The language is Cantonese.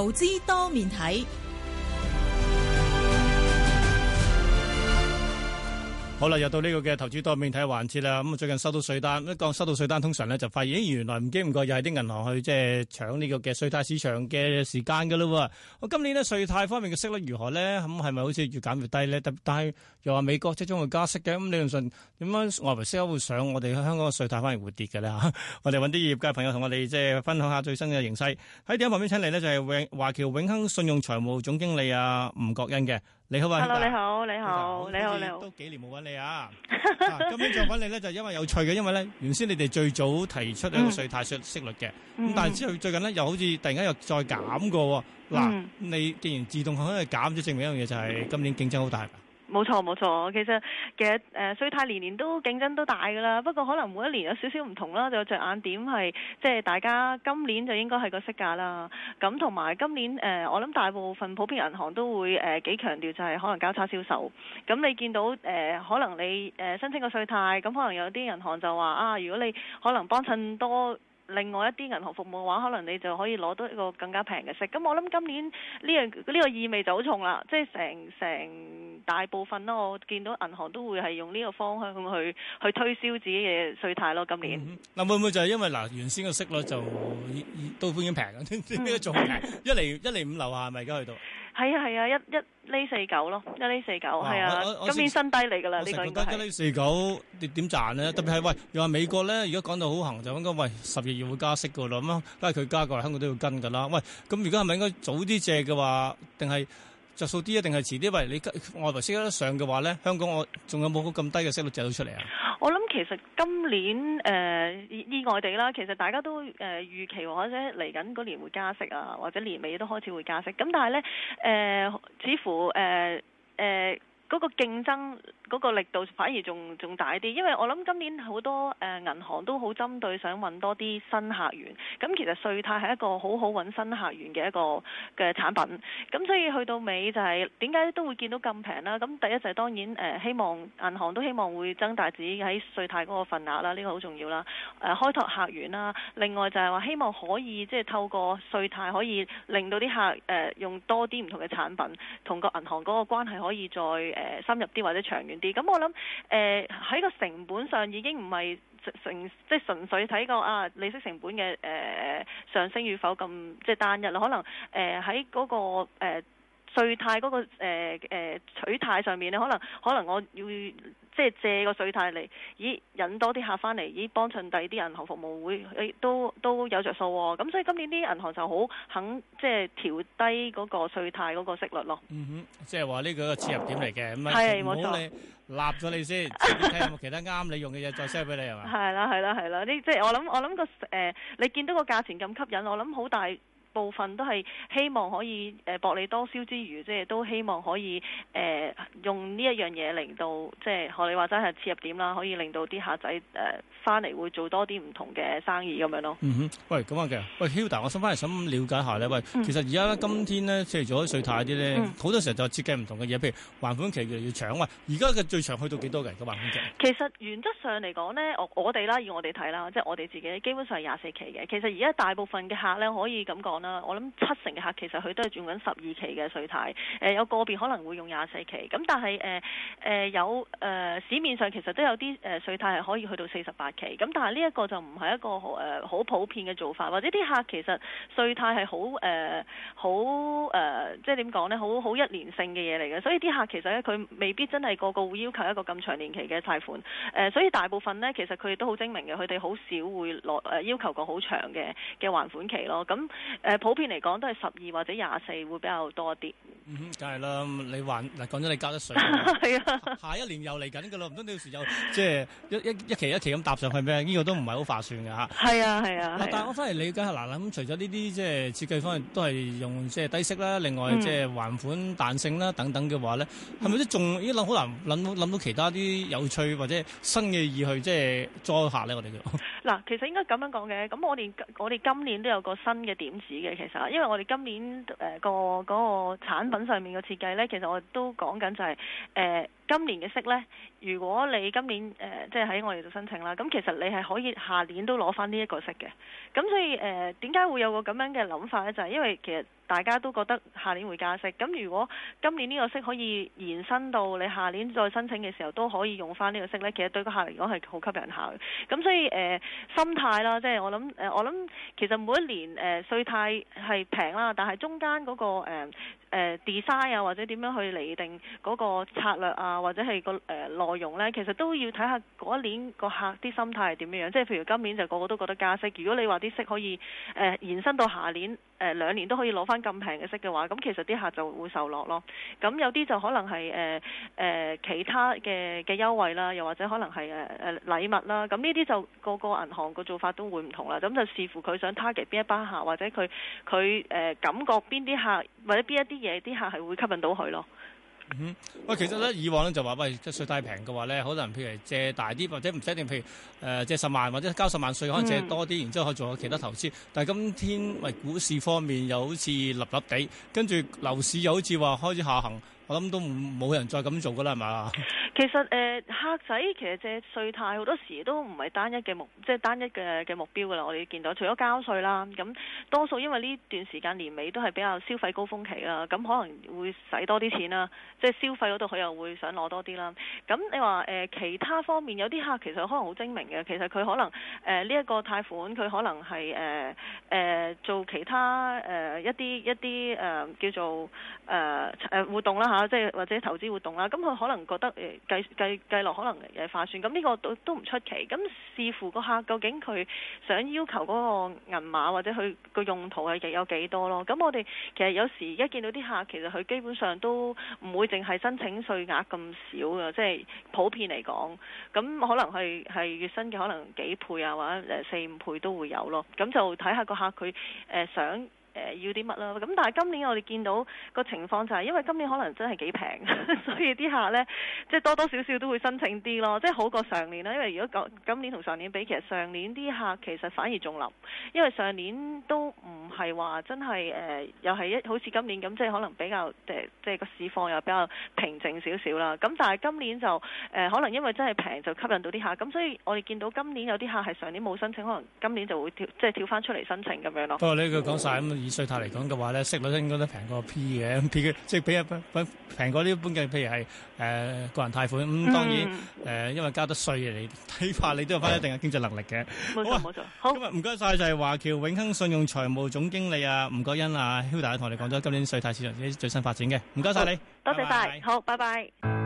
投資多面睇。好啦，又到呢個嘅投資多面睇下環節啦。咁最近收到稅單，一講收到稅單，通常咧就發現，原來唔知唔覺又係啲銀行去即係搶呢個嘅稅貸市場嘅時間噶啦。我今年呢稅貸方面嘅息率如何咧？咁係咪好似越減越低咧？特但係又話美國即將會加息嘅。咁你相信點解外圍息口會上，我哋香港嘅稅貸反而會跌嘅咧？ 我哋揾啲業界朋友同我哋即係分享下最新嘅形勢。喺電話旁邊請嚟呢就係永華僑永亨信用財務總經理啊吳慖欣嘅。你好啊，Hello，你好，你好，你好，你好，都幾年冇揾你啊！今日再揾你咧，就因為有趣嘅，因為咧，原先你哋最早提出個稅貸息率嘅，咁但係之後最近咧，又好似突然間又再減過，嗱，你既然自動可以減，就證明一樣嘢就係今年競爭好大。冇錯冇錯，其實其實誒稅貸年年都競爭都大㗎啦，不過可能每一年有少少唔同啦，就有着眼點係即係大家今年就應該係個息價啦。咁同埋今年誒、呃，我諗大部分普遍銀行都會誒幾、呃、強調就係可能交叉銷售。咁你見到誒、呃，可能你誒、呃、申請個稅貸，咁可能有啲銀行就話啊，如果你可能幫襯多。另外一啲銀行服務嘅話，可能你就可以攞到一個更加平嘅息。咁、嗯、我諗今年呢樣呢個意味就好重啦，即係成成大部分啦，我見到銀行都會係用呢個方向去去推銷自己嘅稅貸咯。今年嗱會唔會就係因為嗱原先嘅息率就都已經平，呢個仲平一嚟一嚟五樓下係咪而家去到？係啊，係啊，一一呢四九咯，一呢四九係啊，啊，今年新低嚟噶啦。呢個係一呢四九跌點賺咧？特別係喂，又話美國咧，如果講到好行就應該喂十二月要會加息噶啦咁樣，梗係佢加過嚟，香港都要跟噶啦。喂，咁而家係咪應該早啲借嘅話，定係？著數啲一定係遲啲，喂！你外圍息率上嘅話呢，香港我仲有冇個咁低嘅息率借到出嚟啊？我諗其實今年誒意、呃、外地啦，其實大家都誒、呃、預期或者嚟緊嗰年會加息啊，或者年尾都開始會加息。咁但係呢，誒、呃，似乎誒誒。呃呃嗰個競爭嗰個力度反而仲仲大啲，因為我諗今年好多誒銀行都好針對想揾多啲新客源，咁其實稅貸係一個好好揾新客源嘅一個嘅產品，咁所以去到尾就係點解都會見到咁平啦。咁第一就係當然誒，希望銀行都希望會增大自己喺稅貸嗰個份額啦，呢個好重要啦。誒開拓客源啦，另外就係話希望可以即係透過稅貸可以令到啲客誒用多啲唔同嘅產品，同個銀行嗰個關係可以再。誒深入啲或者長遠啲，咁我諗，誒、呃，喺個成本上已經唔係純，純即係純粹睇個啊利息成本嘅誒、呃，上升與否咁即係單一啦，可能誒，喺、呃、嗰、嗰個誒。呃稅貸嗰個、呃呃、取貸上面咧，可能可能我要即係借個稅貸嚟，咦引多啲客翻嚟，咦幫襯第二啲銀行服務會都都有着數喎、哦。咁所以今年啲銀行就好肯即係調低嗰個稅貸嗰個息率咯。嗯哼，即係話呢個切入點嚟嘅，咁啊唔好你立咗你先，睇有冇其他啱你用嘅嘢再 sell 俾你係嘛？係啦係啦係啦，呢即係我諗我諗個、呃、你見到個價錢咁吸引，我諗好大。部分都係希望可以誒薄利多銷之餘，即係都希望可以誒、呃、用呢一樣嘢嚟到，即係學你話齋係切入點啦，可以令到啲客仔誒翻嚟會做多啲唔同嘅生意咁樣咯。嗯哼，喂，咁樣嘅，喂 Hilda，我想翻嚟想了解一下咧，喂，其實而家、嗯、今天咧，即係做咗稅貸啲咧，好、嗯、多時候就設計唔同嘅嘢，譬如還款期越嚟越長。喂，而家嘅最長去到幾多嘅個還款期？其實原則上嚟講咧，我哋啦，以我哋睇啦，即係我哋自己基本上係廿四期嘅。其實而家大部分嘅客咧可以咁講。我諗七成嘅客其實佢都係用緊十二期嘅稅貸，誒有個別可能會用廿四期，咁但係誒誒有誒、呃、市面上其實都有啲誒稅貸係可以去到四十八期，咁但係呢一個就唔係一個誒好普遍嘅做法，或者啲客其實稅貸係好誒好誒即係點講呢？好好一年性嘅嘢嚟嘅，所以啲客其實咧佢未必真係個個會要求一個咁長年期嘅貸款，誒、呃、所以大部分呢，其實佢哋都好精明嘅，佢哋好少會攞誒要求一個好長嘅嘅還款期咯，咁。呃誒普遍嚟講都係十二或者廿四會比較多啲，嗯。嗯，梗係啦，你還嗱講咗你交得稅。係 啊。下一年又嚟緊㗎啦，唔通你到時又即係一一一期一期咁搭上去咩？呢、呢個都唔係好划算㗎嚇。係 啊，係啊，啊。但係我翻嚟理解下，嗱啦，嗯、除咗呢啲即係設計方面都係用即係低息啦，另外即係還款彈性啦等等嘅話咧，係咪都仲依諗好難諗到諗到其他啲有趣或者新嘅意去即係裝一下咧？我哋就。嗱，其實應該咁樣講嘅，咁我哋我哋今年都有個新嘅點子嘅，其實，因為我哋今年誒個嗰個產品上面嘅設計呢，其實我哋都講緊就係今年嘅息呢，如果你今年誒即係喺我哋度申請啦，咁其實你係可以下年都攞翻呢一個息嘅。咁所以誒，點、呃、解會有個咁樣嘅諗法呢？就係、是、因為其實大家都覺得下年會加息。咁如果今年呢個息可以延伸到你下年再申請嘅時候都可以用翻呢個息呢，其實對個客嚟講係好吸引下嘅。咁所以誒、呃，心態啦，即、就、係、是、我諗誒、呃，我諗其實每一年誒稅貸係平啦，但係中間嗰、那個誒、呃呃、design 啊，或者點樣去釐定嗰個策略啊？或者係個誒、呃、內容呢，其實都要睇下嗰一年個客啲心態係點樣樣，即係譬如今年就個個都覺得加息。如果你話啲息可以誒、呃、延伸到下年誒、呃、兩年都可以攞翻咁平嘅息嘅話，咁其實啲客就會受落咯。咁有啲就可能係誒誒其他嘅嘅優惠啦，又或者可能係誒誒禮物啦。咁呢啲就個個銀行個做法都會唔同啦。咁就視乎佢想 target 邊一班客，呃，或者佢佢誒感覺邊啲客或者邊一啲嘢啲客係會吸引到佢咯。嗯喂，其實咧以往咧，就話喂，個稅太平嘅話咧，可能譬如借大啲或者唔使定，譬如、呃、借十萬或者交十萬稅，可能借多啲，然之後去做其他投資。嗯、但係今天喂、哎、股市方面又好似立立地，跟住樓市又好似話開始下行。我諗都冇人再咁做噶啦，係嘛？其實誒、呃，客仔其實即稅太好多時都唔係單一嘅目，即、就、係、是、單一嘅嘅目標噶啦。我哋見到，除咗交稅啦，咁多數因為呢段時間年尾都係比較消費高峰期啦，咁可能會使多啲錢啦，即、就、係、是、消費嗰度佢又會想攞多啲啦。咁你話、呃、其他方面有啲客其實可能好精明嘅，其實佢可能誒呢一個貸款佢可能係誒、呃呃、做其他誒、呃、一啲一啲誒、呃、叫做誒誒互動啦。即係或者投資活動啦，咁佢可能覺得誒計計計落可能誒化算，咁呢個都都唔出奇。咁視乎個客究竟佢想要求嗰個銀碼或者佢個用途係有幾多咯。咁我哋其實有時一見到啲客，其實佢基本上都唔會淨係申請稅額咁少嘅，即係普遍嚟講，咁可能係係月薪嘅可能幾倍啊，或者誒四五倍都會有咯。咁就睇下個客佢誒想要啲乜啦？咁但係今年我哋見到個情況就係，因為今年可能真係幾平，所以啲客呢，即係多多少少都會申請啲咯。即係好過上年啦，因為如果今今年同上年比，其實上年啲客其實反而仲冧，因為上年都唔係話真係誒，又係一好似今年咁，即係可能比較即係個市況又比較平靜少少啦。咁但係今年就誒，可能因為真係平就吸引到啲客，咁所以我哋見到今年有啲客係上年冇申請，可能今年就會跳即係跳翻出嚟申請咁樣咯。不過呢個講曬稅貸嚟講嘅話咧，息率應該都平過 P 嘅，比即係比啊平過呢一般嘅，譬如係誒、呃、個人貸款。咁、呃嗯、當然誒、呃，因為交得稅你睇法，你都有翻一定嘅經濟能力嘅。冇錯，冇、啊、錯。好，咁啊，唔該晒，就係華僑永亨信用財務總經理啊吳慖欣啊肖大同我哋講咗今年稅貸市場啲最新發展嘅。唔該晒你，多謝晒，好，拜拜。